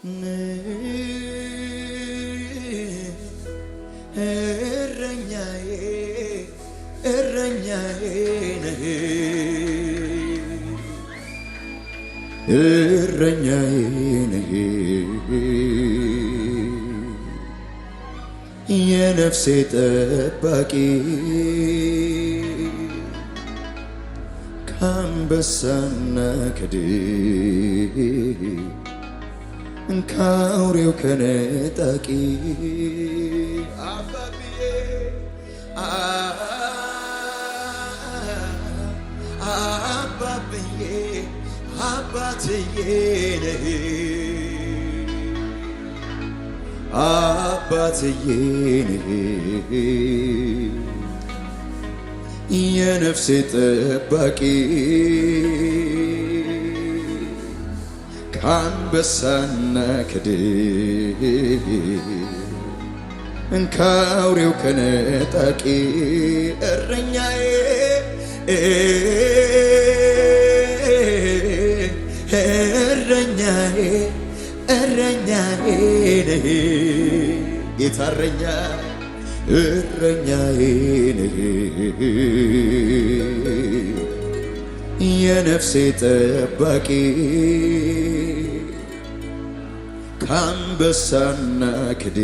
እረኛዬ የነፍሴ ጠባቂ ከአንበሳና ከድብ ከአውሬው ከነጣቂ አባብዬ አባብዬ አባትዬ ነህ አባትዬ ነህ የነፍሴ ጠባቂ አንበሳነክድ እንካውሬው ከነጣቂ እረኛዬ እረኛዬ እረኛዬ ነህ ጌታ እረኛ እረኛዬ ነህ የነፍሴ ጠባቂ አንበሳና ክድ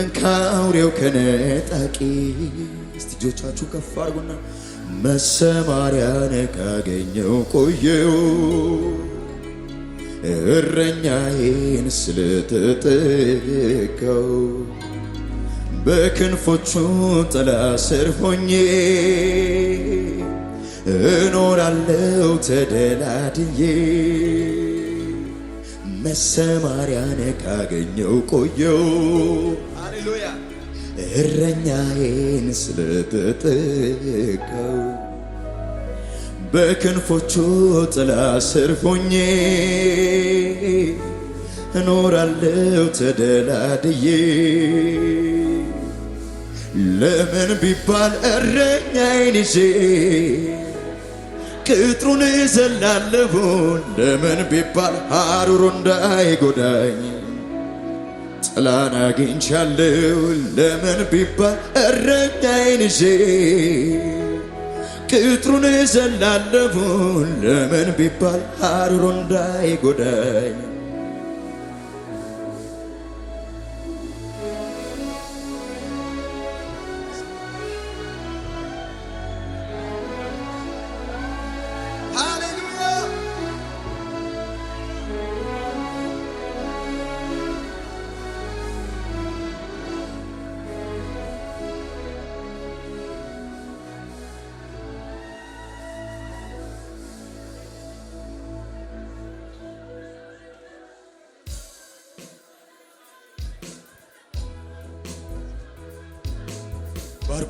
እንካውሬው ከነጣቂ እጆቻችሁ ከፍ አድርጉና መሰማሪያን ካገኘው ቆየው እረኛዬን ስለተጠጋው በክንፎቹ ጥላ ስር ሆኜ እኖራለው ተደላድዬ መሰማሪያን ካገኘው ቆየው ሃሌሉያ እረኛዬን ስለተጠቀው በክንፎቹ ጥላ ስር ሆኜ እኖራለው ተደላድዬ ለምን ቢባል እረኛዬን ይዤ ቅጥሩን እዘላለሁ ለምን ቢባል ሐሩሩ እንዳይጎዳኝ ጥላን አግኝቻለሁ ለምን ቢባል እረኛዬን ይዤ ቅጥሩን እዘላለሁ ለምን ቢባል ሐሩሩ እንዳይጎዳኝ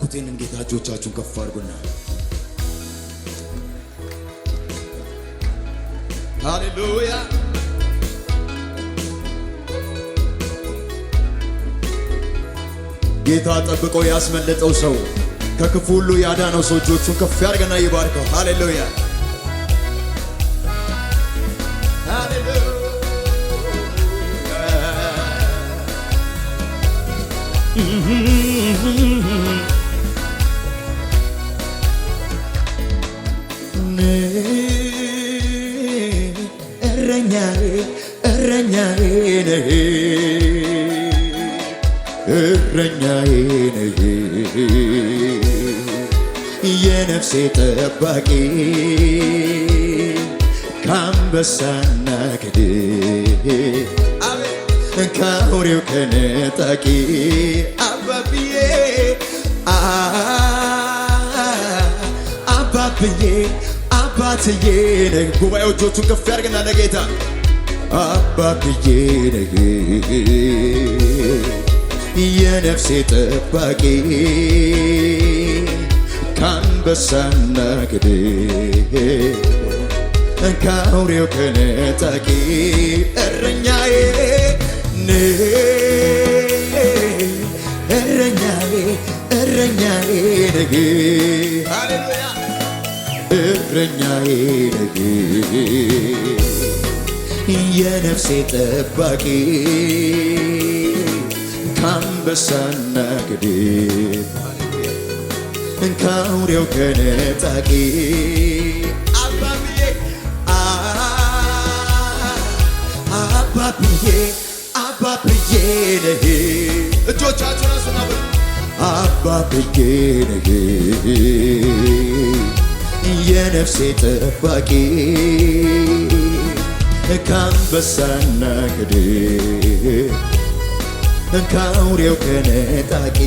ያልኩት ይህንን ጌታ እጆቻችሁን ከፍ አድርጉና ሃሌሉያ ጌታ ጠብቆ ያስመለጠው ሰው ከክፉ ሁሉ ያዳነው ሰው እጆቹን ከፍ ያድርገና ይባርከው። ሃሌሉያ መሳናግድ ከአውሬው ከነጣቂ አባብዬ አባብዬ አባትዬ ነህ። እጆቹን ከፍ ያድርግና ለጌታ አባብዬ ነህ የነፍሴ ጠባቂ ከአውሬው ተነጣቂ እረኛዬ እረኛዬ እረኛዬ ነግ እረኛዬ ነግ የነፍሴ ጠባቂ ካንበሳና ግድብ ከአውሬው ብዬ አባ ብዬ ነህ እጆቻችሁን አስናበ አባ ብዬ ነህ የነፍሴ ጠባቂ ከአንበሳና ከድብ ከአውሬው ከነጣቂ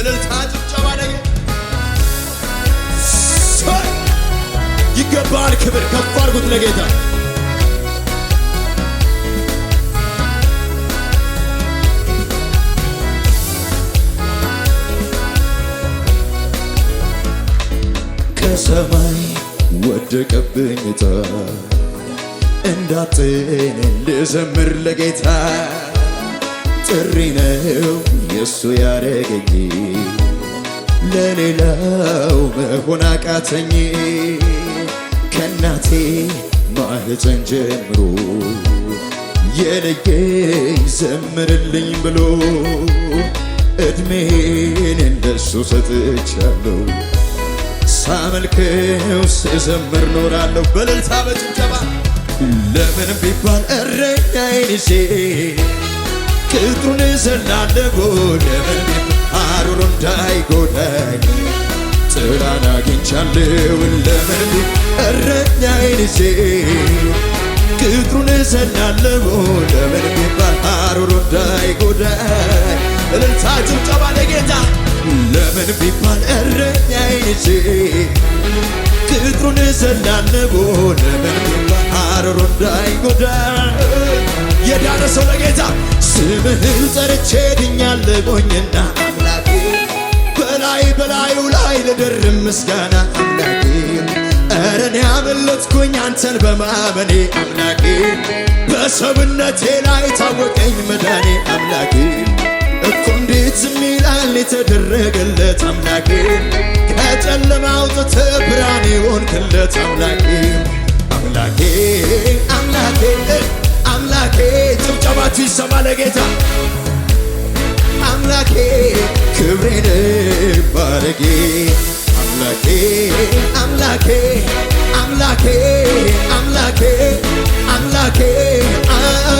እልልታ ጭብጨባ ነገ ይገባል ክብር ከፍ አድርጉት ለጌታ ከሰማይ ወደቀብኝ እጣ እንዳጤን ልዘምር ለጌታ ጥሪ ነው የእሱ ያደረገኝ ለሌላው መሆን አቃተኝ ከእናቴ ማህፀን ጀምሮ የለየኝ ዘምርልኝ ብሎ እድሜን እንደሱ ሰጥቻለሁ ሳመልክው ስዘምር ኖራለሁ በእልልታ በጭብጨባ ለምን ቢባል እረኛዬን ይዤ ቅጥሩን እዘላለሁ ለምን አሩሮ እንዳይጎዳኝ ጥላን አግኝቻለሁ ለምን እረኛዬን ይዤ ቅጥሩን እዘላለሁ ለምን ቢባል አሩሮ እንዳይጎዳኝ እልልታ ጭብጨባ ለጌታ ለምን ቢባል እረኛዬ ልጄ ቅጥሩን ዘላለሙ ለምን ቢባል አረሮ እንዳይጎዳ የዳነ ሰው ለጌታ ስምህን ጠርቼ ድኛለሁኝና አምላኬ በላይ በላዩ ላይ ልደርም ምስጋና አምላኬ ኧረ እኔ አንተን በማመኔ አምላኬ በሰብነቴ ላይ ታወቀኝ መዳኔ አምላኬ እኮ እንዴት ዝም ይላል የተደረገለት አምላኬ ከጨለማ አውጥተህ ብርሃን የሆንክለት አምላኬ አምላኬ አምላኬ አምላኬ ጭብጨባችሁ ይሰማ ለጌታ አምላኬ ክብሬን ባለጌ አምላኬ አምላኬ አምላኬ አምላኬ አምላኬ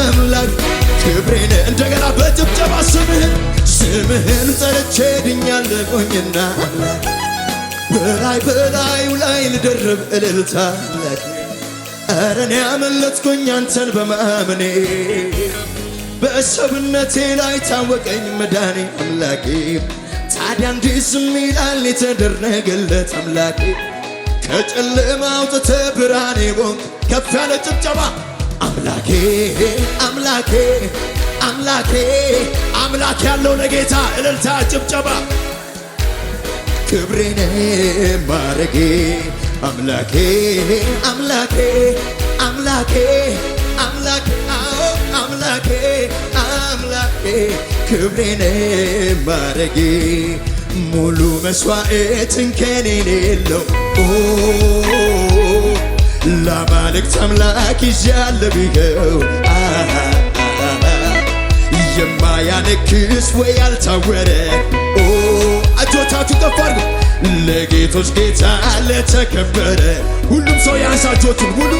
አምላክ ክብሬን እንደገና በጭብጨባ ስምህን ስምህን ጠርቼ ድኛለሁኝና በላይ በላዩ ላይ ልደርብ እልልታ ኧረ እኔ አንተን በማመኔ በሰብነቴ ላይ ታወቀኝ መዳኔ አምላኬ ታዲያ እንዲህ ዝም ይላል የተደረገለት አምላኬ ከጨለማ አውጥተህ ብርሃኔ ቦንክ ከፍ ያለ ጭብጨባ አምላኬ አምላኬ አምላኬ አምላክ ያለው ለጌታ እልልታ ጭብጨባ ክብሬን ማረጌ አምላኬ አምላኬ አምላኬ አምላኬ አምላኬ ክብሬን ማረጌ ሙሉ መስዋዕትን ከኔ ሌለው ላማልክት አምላክ ይዣለብኸው የማያነክስ ወይ ያልታወረ እጆቻችሁ ከፍ አድርጉ ለጌቶች ጌታ ለተከበረ ሁሉም ሰው ያንሳ እጆቹን ሙሉ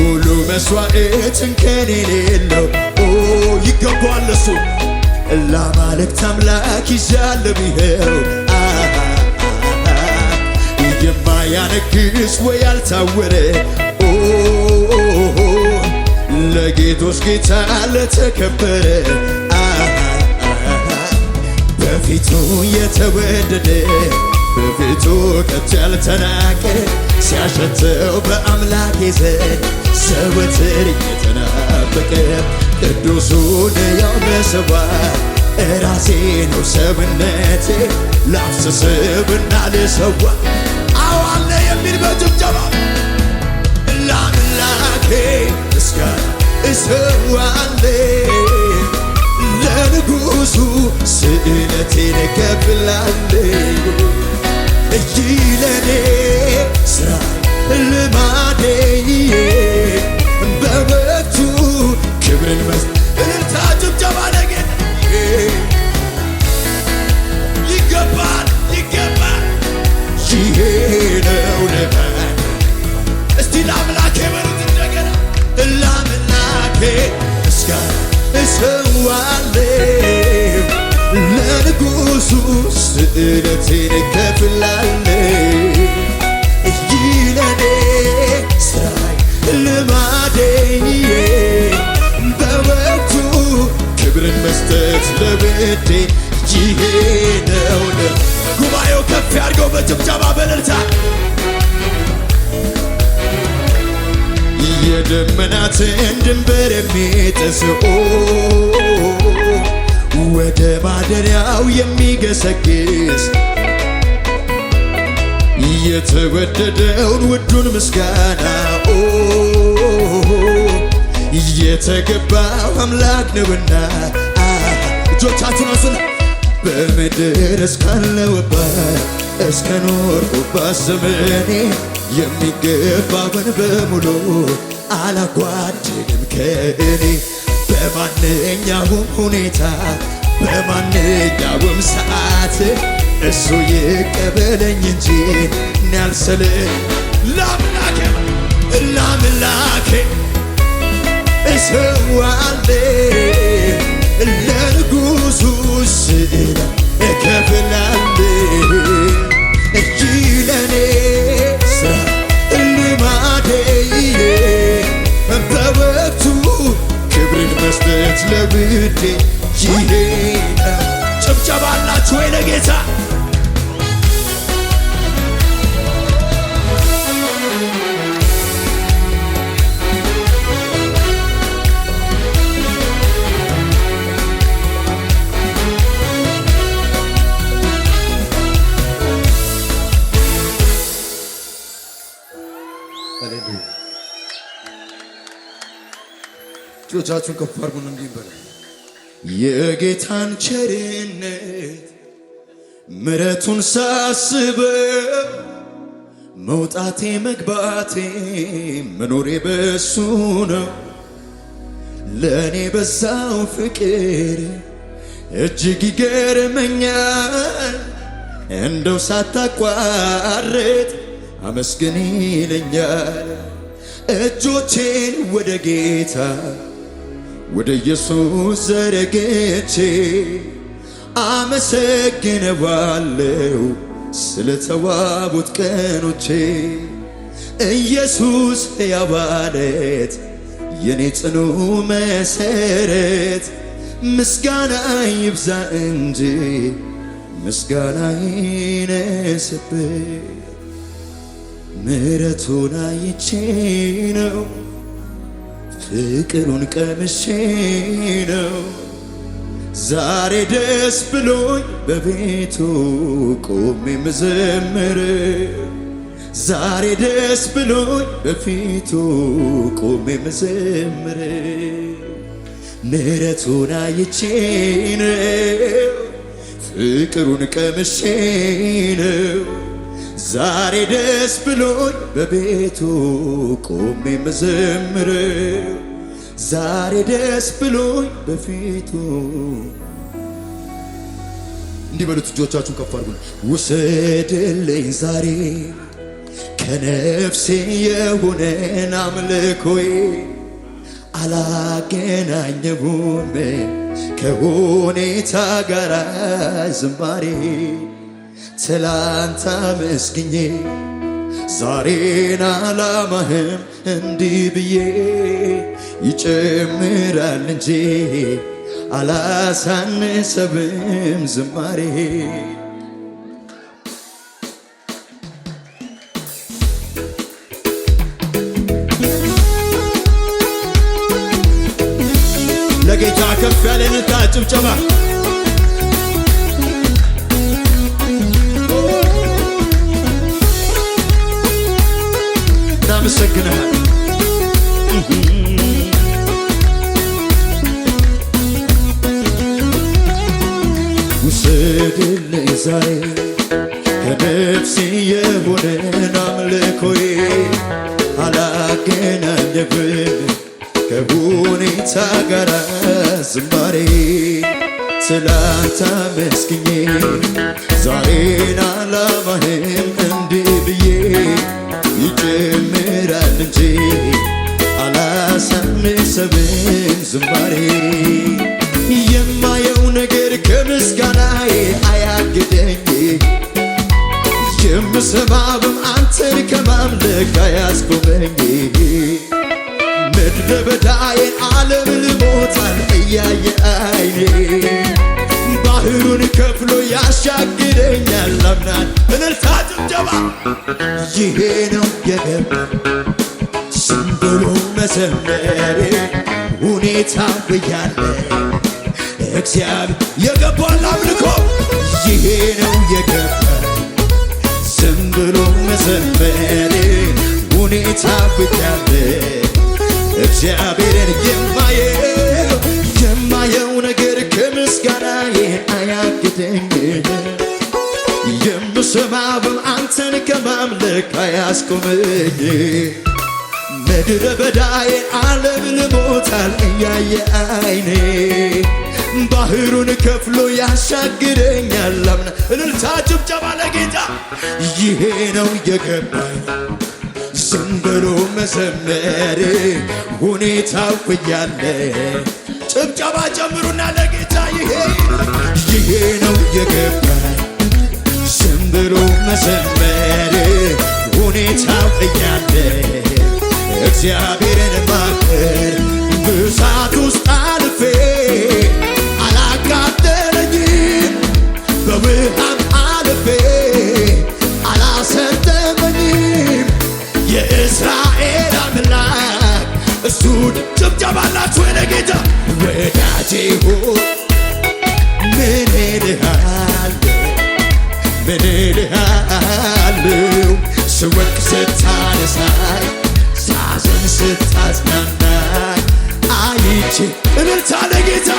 ሙሉ መስዋዕት እንከን የሌለው ይገባዋል ለሱ ላማልክት አምላክ ይዣለብኸው የማያነክስ ወይ ያልታወረ ለጌቶች ጌታ ለተከበረ በፊቱ የተወደደ በፊቱ ከቶ ያልተናቀ ሲያሸተው በአምላክ ዘንድ ዘወትር እየተናበቀ ቅዱሱን ያው መስዋዕት እራሴ ነው ሰውነቴ ላፍስስብና ልሰዋ ጭብጨባ ለአምላኬ ምስጋና እሰዋለሁ ለንጉሡ ስእለቴን እከፍላለሁ እይ ለኔ ሥራ ልማዴ በመቱ ክብርን መስ አለ ለንጉሱ ስእለቴን ከፍላለ ይለኔ ስራይ ልማዴዬ በወቅቱ ክብርን መስጠት ለቤቴ ይሄ ነው ጉባኤው ከፍ ያድርገው በጭብጨባ በእልልታ ደመናትን ድንበር የሚጥሰው ወደ ማደሪያው የሚገሰግስ የተወደደውን ውዱን ምስጋና እየተገባው አምላክ ነውና እጆቻችን አስነ በምድር እስካለውባት እስከኖርኩባት ዘመኔ የሚገባውን በሙሉ አላጓድንም ከእኔ በማንኛውም ሁኔታ በማንኛውም ሰዓት እሱ ይቀበለኝ እንጂ ናልሰል ላምላኬ ላምላኬ እሰዋለ ለንጉሱ ስለ እከፍላለ ለብድን ይሄዳ ጭብጨባ አላችሁ ወይ ለጌታ Hallelujah. እጆቻችሁን ከፍ አድርጉን እንዲህ በለ የጌታን ቸርነት ምሕረቱን ሳስበው መውጣቴ መግባቴ መኖሬ በሱ ነው። ለእኔ በዛው ፍቅር እጅግ ይገርመኛል። እንደው ሳታቋርጥ አመስግን ይለኛል። እጆቼን ወደ ጌታ ወደ ኢየሱስ ዘረግቼ ስለ ስለተዋቡት ቀኖቼ ኢየሱስ ያባለት የኔ ጽኑ መሰረት ምስጋና ይብዛ እንጂ ምስጋና ይነስብ ምረቱን አይቼ ነው ፍቅሩን ቀምሼ ነው ዛሬ ደስ ብሎኝ በቤቱ ቆሜ ምዘምር ዛሬ ደስ ብሎኝ በፊቱ ቆሜ ምዘምር ምሕረቱን አይቼ ነው ፍቅሩን ቀምሼ ነው ዛሬ ደስ ብሎኝ በቤቱ ቆሜ መዘምረው ዛሬ ደስ ብሎኝ በፊቱ እንዲህ በሉት እጆቻችሁን ከፍ አድርጉ። ውሰድልኝ ዛሬ ከነፍሴ የሆነን አምልኮይ አላገናኘውም ከሁኔታ ጋር ዝማሬ ትላንት አመስግኜ ዛሬን አላማህም እንዲህ ብዬ ይጨምራል እንጂ አላሳንሰብም ዝማሬ ለጌታ ከፍ ያለን ጭብጨባ ከሁኔታ ጋር ዝማሬ ትላንት አመስግኜ ዛሬን አላማህም እንዲህ ብዬ ይጨምራል እንጂ አላሳንሰብም ዝማሬ የማየው ነገር ከምስጋናዬ አያግደኝ የምሰማብም አንተን ከማምለክ አያስቆመኝ እንደ በዳዬ ዓለም ልሞታል እያየ አይኔ ባህሩን ከፍሎ ያሻግረኛል አምናል እልልታ ጭብጨባ ይሄ ነው የገባ ስንብሎ ብሎ መዘመሬ ሁኔታ ብያለ እግዚአብሔር የገባል አምልኮ ይሄ ነው የገባ ዝም መዘመሬ ሁኔታ ብያለ እግዚአብሔርን የማየው የማየው ነገር ከምስጋናዬ አያግደኝ የምሰማው አንተን ከማምለክ አያስቆመኝ ምድረ በዳዬ ዓለም ልሞታል እያየ አይኔ ባህሩን ከፍሎ ያሻግረኛል አምና እልልታ ጭብጨባ ለጌታ ይሄ ነው የገባኝ ዝም ብሎ መዘመር ሁኔታው እያለ ጭብጨባ ጨምሩና ለጌታ ይሄ ይሄ ነው የገባኝ ዝም ብሎ መዘመር ሁኔታው እያለ እግዚአብሔርን ማክበር ብሳት ውስጥ አልፌ አላቃጠለኝም በብሃ ጭብጨባ አላችሁ ለጌታ ወዳጄ ሆይ ምን እልሃለሁ ምን እልሃለሁ ስወድቅ ስታነሳኝ ሳዝን ስታጽናናኝ አይቼ እልልታ ለጌታ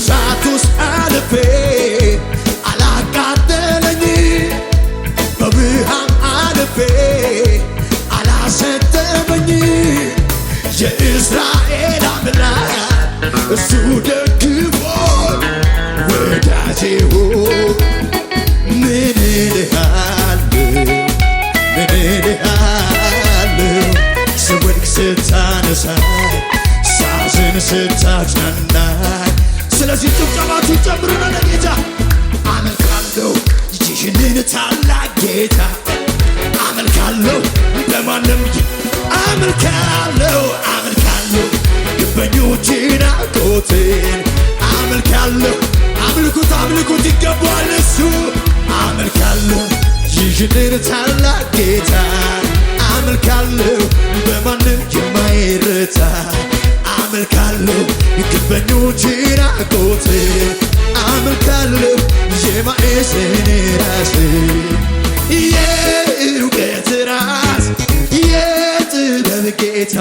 በእሳት አልፌ አላቃጠለኝ፣ በብርሃን አልፌ የእስራኤል አምላክ እሱ ስታጽናና ስለዚህ ጭብጨባችሁ ጨምሩና ለጌታ አመልካለሁ ይህንን ታላቅ ጌታ አመልካለሁ እንደማንም አመልካለሁ አመልካለሁ ግንበኞችን አጎቴን አመልካለሁ አምልኩት አምልኩት ይገባል እሱ አመልካለሁ ይህንን ታላቅ ጌታ አመልካለሁ በማንም የማይረታ አመልካለሁ ይክበኞች ራቆት አመልካለሁ የማኤስን ራስ የእውቀት ራስ የጥበብ ጌታ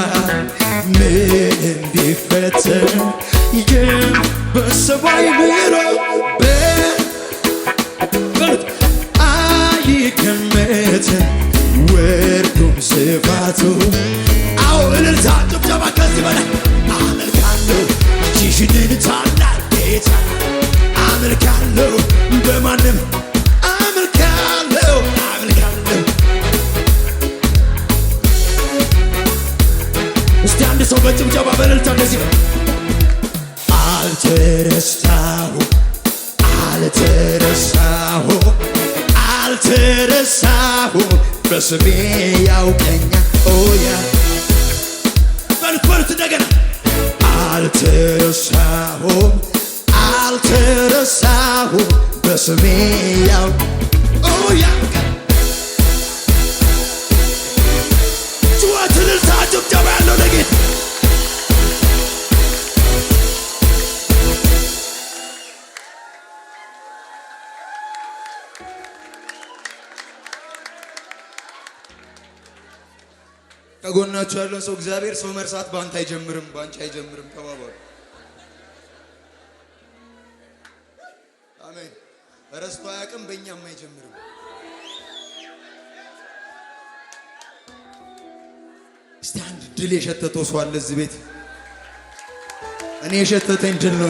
ምንም ቢፈተን ይገም በሰማይ ምሮ አይገመትም ወርዱም ስፋቱ አዎ እልልታ ጭብጨባ ከዚህ በላይ የሽንን ታላቅ ጌታ አመልካለሁ በማንም ሰው በጭብጨባ በእልልታ እንደዚህ አልተረሳሁ አልተረሳሁ አልተረሳሁ በስሜ ከጎናችሁ ያለውን ሰው እግዚአብሔር ሰው መርሳት በአንተ አይጀምርም፣ በአንቺ አይጀምርም። ተባባሉ። አሜን። ረስቶ አያውቅም፣ በእኛም አይጀምርም። እስቲ አንድ ድል የሸተተው ሰው አለ እዚህ ቤት? እኔ የሸተተኝ ድል ነው።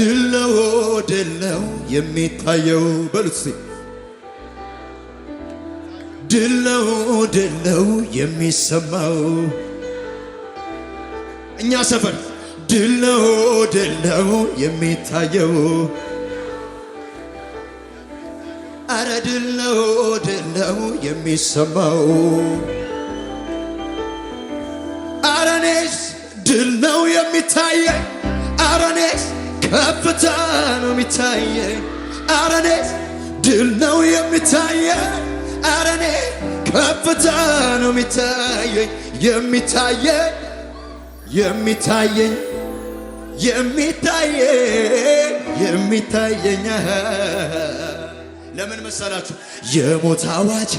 ድል ነው፣ ድል ነው የሚታየው በሉት ድል ነው የሚሰማው እኛ ሰፈር ድል ነው ድል የሚታየው አረ ድል ነው ድል ነው የሚሰማው አረኔስ ድል ነው የሚታየኝ አረኔስ ከፍታ ነው የሚታየኝ አረኔስ ድል ነው የሚታየኝ አረኔ ከፍታ ነው የሚታየኝ የሚታየኝ የሚታየኝ የሚታየኝ የሚታየኝ ለምን መሰላችሁ? የሞት አዋጅ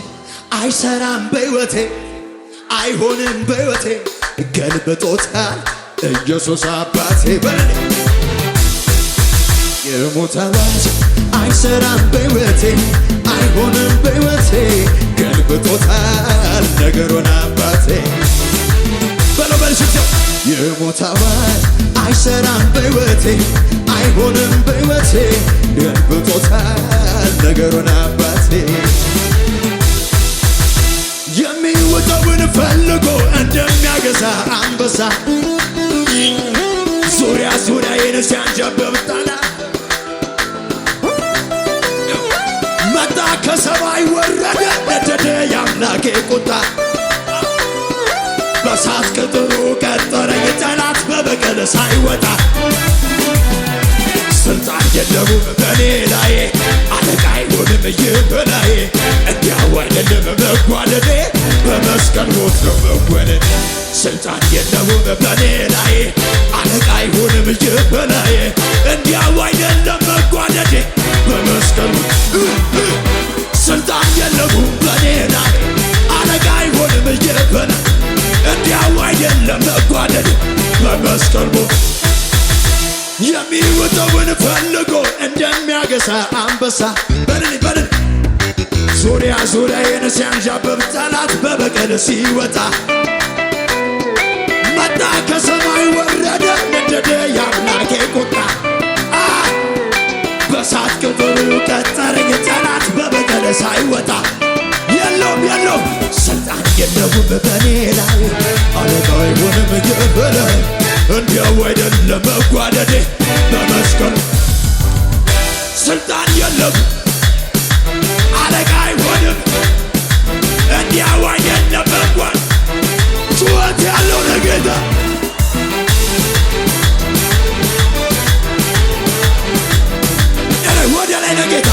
አይሰራም በሕይወቴ አይሆንም በሕይወቴ ገልብጦታል ኢየሱስ አባቴ በል የሞት አዋጅ አይሰራም በሕይወቴ አልሆንም በሕይወቴ ገልብጦታል ነገሩን አባቴ የሞት አዋጅ አይሰራም በሕይወቴ አይሆንም በሕይወቴ ገልብጦታል ነገሩን አባቴ የሚውጠውን ፈልጎ እንደሚያገሳ አንበሳ ዙሪያ ዙሪያ የነሲያንጃበብጣላ መጣ ከሰማይ ወረደ ነደደ የአምላኬ ቁጣ በሳት ቅጥሩ ቀጠረኝ ጠላት በበቀል ሳይወጣ ስልጣን የለሙ በኔ ላይ አለቃ አይሆንም ይበላይ እንዲያዋደድም መጓደዴ በመስቀል ሞት ነው መወደድ ስልጣን የለሙም በኔ ላይ አለቃ አይሆንም ይበላይ እንዲያዋይደለም መጓደዴ በመስቀል ስልጣን በኔ ላይ የሬሳ አንበሳ በድን በድን ዙሪያ ዙሪያዬን ሲያንዣብብ ጠላት በበቀል ሲወጣ መጣ ከሰማይ ወረደ ነደደ የአምላኬ ቁጣ በሳት ቅጥሩ ቀጠረኝ ጠላት በበቀል ሳይወጣ የለውም የለውም ስልጣን የለውም በኔ ላይ አለቃ ይሆንም ግብረ እንዲያው አይደለም መጓደዴ በመስቀሉ ስልጣን የለም፣ አለቃ አይሆንም። እንዲያው አይደለም መጓን ጩኸት ያለው ለጌታ ላይ ለጌታ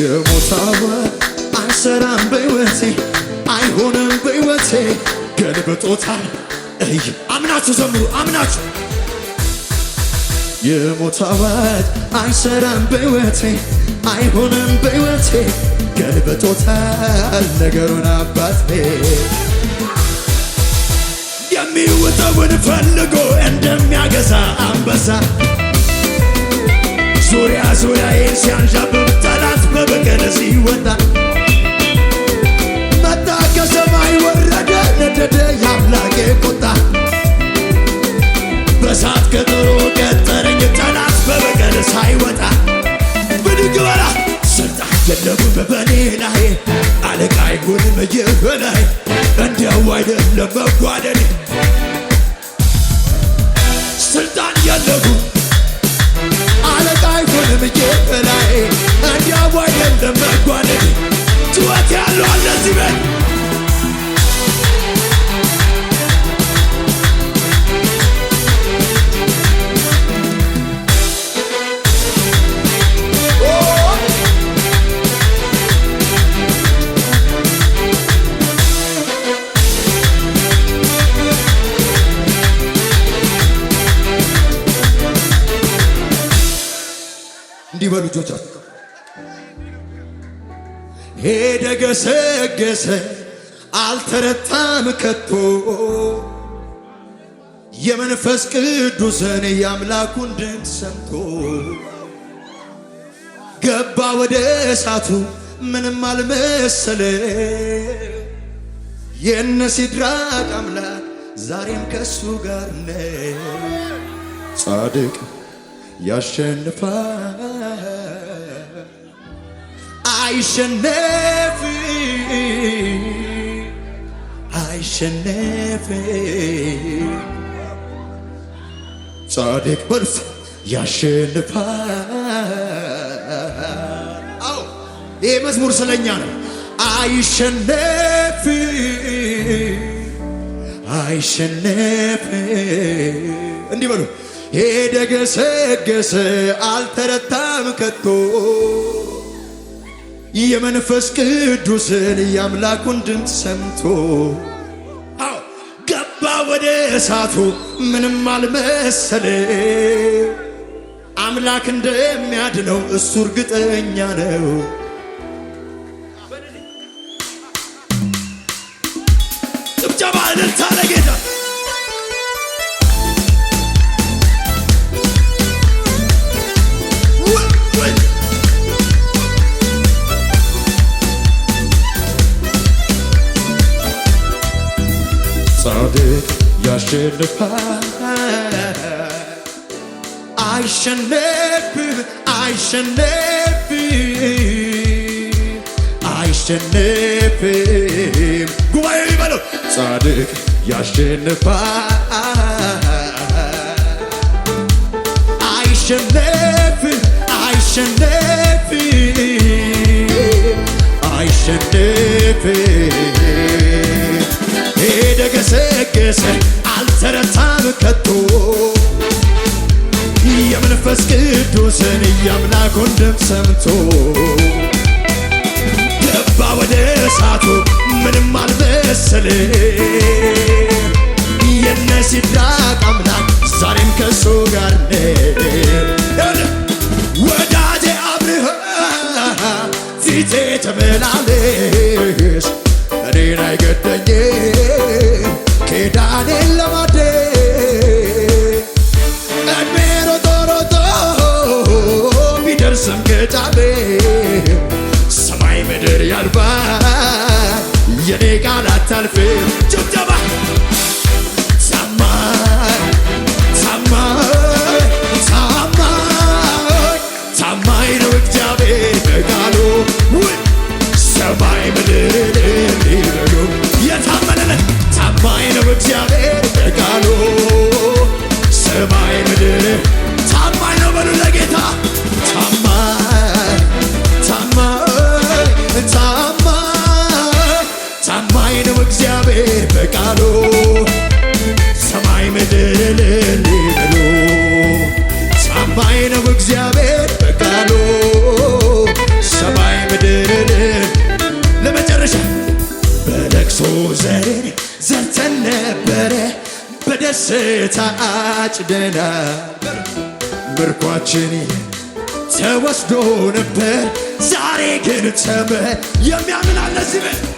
የሞታወ አንሰራም በሕይወቴ አይሆንም በሕይወቴ ገልብጦታል አምናችሁ ዘምሩ፣ አምናችሁ የሞት አዋጅ አይሰራም በሕይወቴ አይሆንም በሕይወቴ ገልብጦታል ነገሩን አባቴ የሚውጠውን ፈልጎ እንደሚያገዛ አንበሳ ዙሪያ ዙሪያዬን ሲያንዣብብ ጠላት በበቀለ ሲወጣ መጣ ከሰማይ ወር ነደደ የአምላኬ ቁጣ በሳት ቀጠሮ ቀጠረኝ ጠላት በበቀል ሳይወጣ ብድግ በላ ስልጣን የለም በበኔ ላይ አለቃ አይሆንም ይህ በላይ እንደው አይደለም መጓደል ነገሰ አልተረታም ከቶ የመንፈስ ቅዱስን የአምላኩን ድምፅ ሰምቶ ገባ ወደ እሳቱ ምንም አልመሰለ የነ ሲድራቅ አምላክ ዛሬም ከሱ ጋር ነ ጻድቅ ያሸንፋል አይሸነፍ አይሸነፍ ጻድቅ በርሱ ያሸንፋል። ይህ መዝሙር ስለኛ ነው። አይሸነፍ አይሸነፍ እንዲህ በሉ ሄደ አልተረታም ከቶ የመንፈስ ቅዱስን የአምላኩን ድምፅ ሰምቶ ገባ ወደ እሳቱ ምንም አልመሰለ። አምላክ እንደሚያድነው እሱ እርግጠኛ ነው። ጭብጨባ እልልታ ለጌታ to the past. I shall never, I shall never, I shall never. Go away, Manu. Sadık yaşını I shall never, I shall never, I shall never. ለገሰ አልተረታም ከቶ የመንፈስ ቅዱስን የአምላኩን ድምፅ ሰምቶ ገባ ወደ እሳቱ ምንም አልመሰለ የነ ሲድራቅ አምላክ ዛሬም ከሱ ጋር ወዳጄ አብርሃ ፊቴ ተመላለስ እኔን አይገደኝም ኪዳኔን ለማደ እድሜ ሮጦ ሮጦ ቢደርስም ቅጣሜ ሰማይ ምድር ያልፋል የኔ ቃል አታልፍም ጭብጨባ አጭደና ምርኳችን ተወስዶ ነበር ዛሬ ግን ተመ የሚያምን አለ